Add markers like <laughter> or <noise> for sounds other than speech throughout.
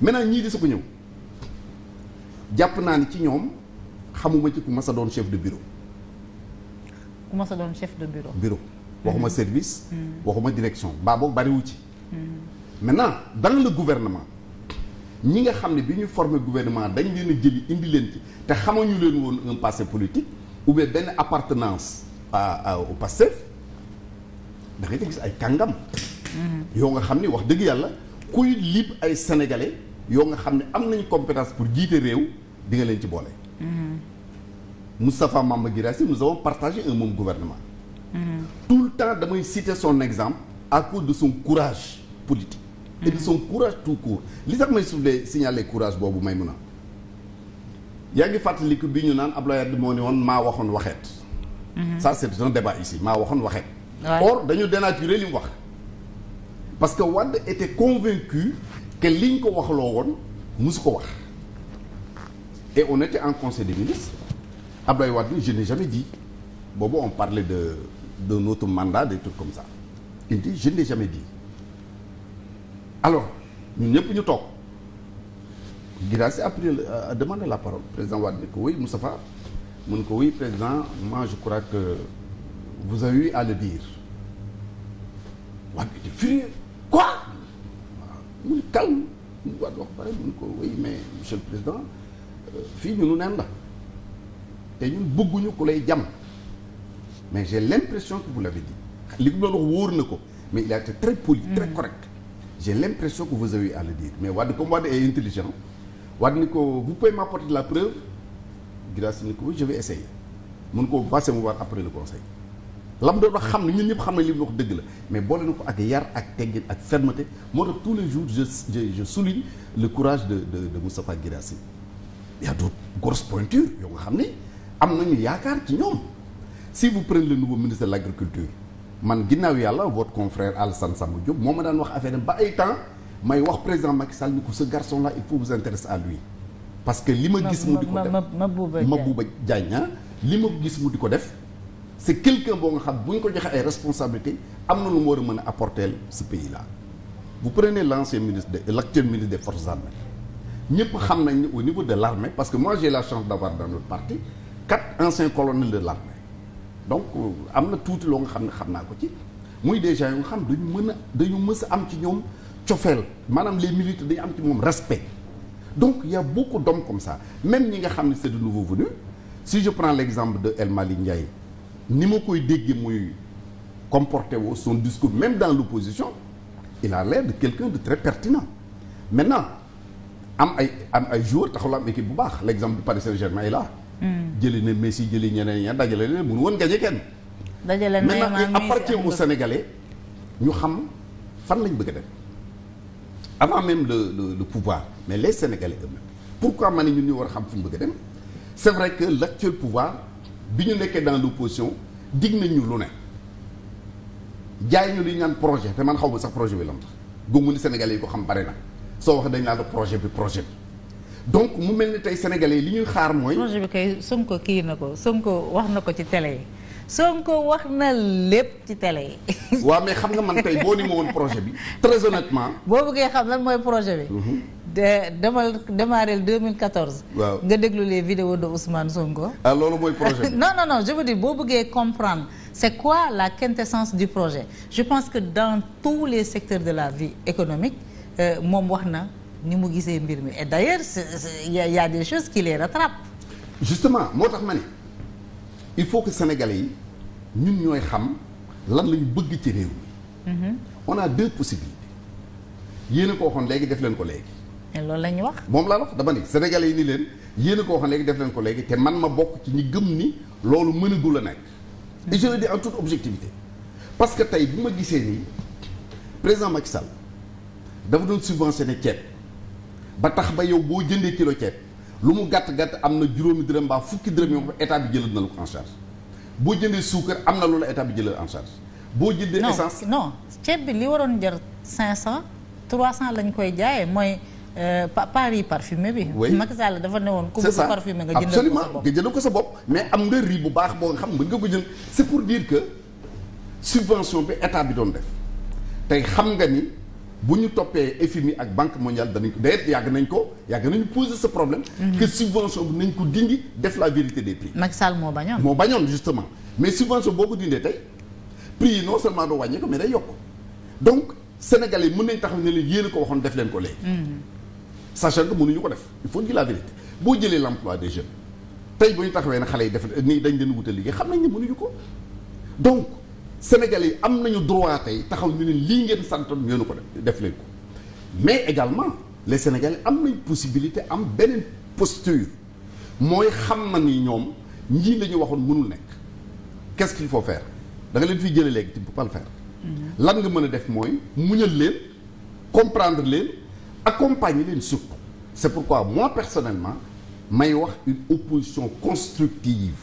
maintenant ñii di su ko ñëw jàpp naa ni ci ñoom xamuma ci ku mas doon chef de bureau. ku mas doon chef de bureau. bureau waxuma mm-hmm. service. Mm-hmm. waxuma direction baa bariwu ci. Mm-hmm. maintenant dans le gouvernement ñi nga xam ne bi ñu formé gouvernement dañ leen a jëli indi leen ci te xamañu leen woon un passé politique ou benn appartenance à, à au Pastef da ngay gis ay kàngam. yoo nga xam ni wax dëgg yàlla kuy lib ay sénégalais. yoo nga xam ne am nañ compétence pour jiite réew di nga leen ci boole. Mm-hmm. Moustapha Mamba Guirassy nous avons partagé un même gouvernement. Mm -hmm. tout le temps damay citer son exemple à de son courage politique. et de son mm-hmm. courage tout court li tax may soulever signaler courage boobu may mun a. yaa ngi fàttaliku bi ñu naan Abdoulaye Wade moo ne woon maa waxoon waxeet. Mm-hmm. ça c' est un débat ici maa waxoon waxeet. or dañu dénaturer li mu wax. parce que Wade était convaincu li liñ ko waxloo woon musu ko wax et on était en conseil des ministres Abdoulaye bi je n'ai jamais dit boobu on parlait de d'un autre mandat des trucs comme sax il dit je n'ai jamais dit alors ñun ñëpp ñu toog Guirassy après a euh, demandé la parole président Wade ne ko oui Moustapha mu ko oui président moi je crois que vous avez eu à le dire Wade était furieux quoi muy calme mu war wax pare mun ko oui mais monsieur le président euh, fii ñunu neen la te ñun bëgguñu ku lay jam mais j'ai l'impression que vous l'avez dit li mu doon wax wóor na ko mais il a été très poli hmm. très correct j'ai l'impression que vous avez à le dire mais Wade comme Wade est intelligent Wade ni ko vous pouvez m'apporter de la preuve grâce ni ko je vais essayer mun ko passé mu voir après le conseil lam doon wax xam ne ñun ñëpp xam ne li mu wax dëgg la mais boole na ko ak yar ak teggin ak fermeté moo tax tous les jours je je je souligne le courage de de de Moustapha Guirassy y a d'autres yoo nga xam ne am nañu yaakaar ci ñoom si vous prenez le nouveau ministre de l'agriculture man ginnaaw yàlla votre confrère Alassane Samba Diop moo ma daan wax affaire ba ay temps may wax président Macky Sall ni ko ce garçon là il faut vous intéresser à lui parce que li ma gis mu ko def Mabouba Diagne ah, li ma gis mu di ko def c'est quelqu'un boo nga xam bu ko joxee ay responsabilités am na lu mu war a mën a apporter ce pays là vous prenez l'ancien ministre de l'actuel ministre des forces ñëpp xam nañ ne au niveau de l'armée parce que moi j'ai la chance d'avoir dans notre parti quatre anciens colonels de l'armée donc euh, am na tuuti loo nga xam ne xam naa ko ci muy déjà yoo nga xam dañu mën a dañu mës a am ci ñoom cofeel maanaam les militaires dañu am ci moom respect donc il boo ko beaucoup d'hommes comme ça même ñi nga xam ne c'est de nouveaux venus si je prends l'exemple de El Malick ni ma koy déggee muy comporté woo son discours même dans l'opposition il a l'air de quelqu'un de très pertinent maintenant am ay am ay joueurs taxul am équipe bu baax l'exemple du Paris Saint-Germain est hmm. jëli na Messi jëli ñeneen ña dajale leen mënu woon gañe kenn. dajale maintenant il appartient aux Sénégalais ñu xam fan lañ bëgg a dem avant même le le le pouvoir mais les Sénégalais eux-mêmes pourquoi ma ne ñun ñu war a xam fu ñu bëgg a dem c'est vrai que l'actuel pouvoir. bi ñu nekkee dans l'opposition dig nañ ñu lu ne jaay ñu li ñaan projet te man xaw ma sax projet bi lam tax góobu ni sénégalais yi ko xam bare na soo wax dañ naan projet bi projet bi donc mu mel ni tey sénégal yi li ñuy xaar mooy. projet bi kay Sonko kii na ko ko wax na ko ci tele yi ko wax na lépp ci télé yi. <laughs> waaw mais xam nga man tey boo ni ma woon projet bi. très honnêtement. boo bëggee xam lan mooy projet bi. Mhm. demal démarrer 2014. waaw nga déglu les vidéos de Ousmane Sonko. ah loolu mooy projet <laughs> non non non je boo bëggee comprendre c'est quoi la quintessence du projet je pense que dans tous les secteurs de la vie économique euh, moom wax na ni mu gisee mbir mi et d'ailleurs il y, y a des choses qui les justement moo tax ma ne il faut que sénégalais yi ñun ñooy xam lan lañu bëgg ci réew mi. Mm-hmm. on a deux def leen ko léegi. mais loolu la ñu wax. moom laa wax dama ni sénégalais yi ni leen yéene a ko wax def leen ko léegi te man ma bokk ci ñi gëm ni loolu mënagul a nekk. et je le dis en toute objectivité parce que tey bu ma gisee nii président Macky Sall dafa doon subventionné ceeb ba tax ba yow boo jëndee kilo ceeb lu mu gàtt gàtt am na juróomi dërëm mbaa fukki dërëm yoo état bi jëlal na la ko en charge boo jëndee suukar am na loolu état bi jëlal en charge. boo jëndee essence non non ceeb bi li waroon jar 500 300 lañ koy jaayee mooy. Euh, Paris parfumé bi. oui Macky Sall dafa newoon ku bëgg parfumé nga jëndal sa bopp absolument nga jëndal ko sa bopp mais am nga riz bu baax boo nga xam mën nga ko jënd c' est pour dire que subvention bi état bi doon def tey xam nga ni bu ñu toppee FMI ak banque mondiale danañ ko day yàgg nañ ko yàgg nañu poser ce problème. Mhm. que subvention bi nañ ko dindi def la vérité des prix. Macky Sall moo bañoon moo bañoon justement mais subvention boo ko dindee tey prix yi non seulement doo wàññi yokk donc sénégalais mën nañ taxaw ne leen yéen ko waxoon def leen ko léegi. Mhm. sachant nu ñu ko def il faut dire la vérité boo jëlee l'emploi des jeunes tey bu ñu taxawee ne xale yi def nii dañ leen wutal liggéey xam nañ ne ñu ko donc sénégal yi am nañu droit tey taxaw ñu ne lii ngeen santoon ñoo ko def leen ko mais également les sénégalais am nañ possibilité am beneen posture mooy xam na ni ñoom ñii la ñu waxoon mënul nekk qu'est-ce qu'il faut faire da leen fiy jëlee léegi tu peux pas mm-hmm. lan nga mën a def mooy muñal leen comprendre leen accompagner leen surtout c'est pourquoi moi personnellement may wax une opposition constructive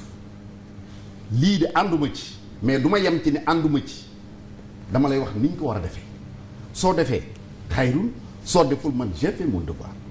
lii de ànduma ci mais du ma yem ci ne ànduma ci dama lay wax ni ñu ko war a defee soo defee xayrun soo deful man j'ai fait mon devoir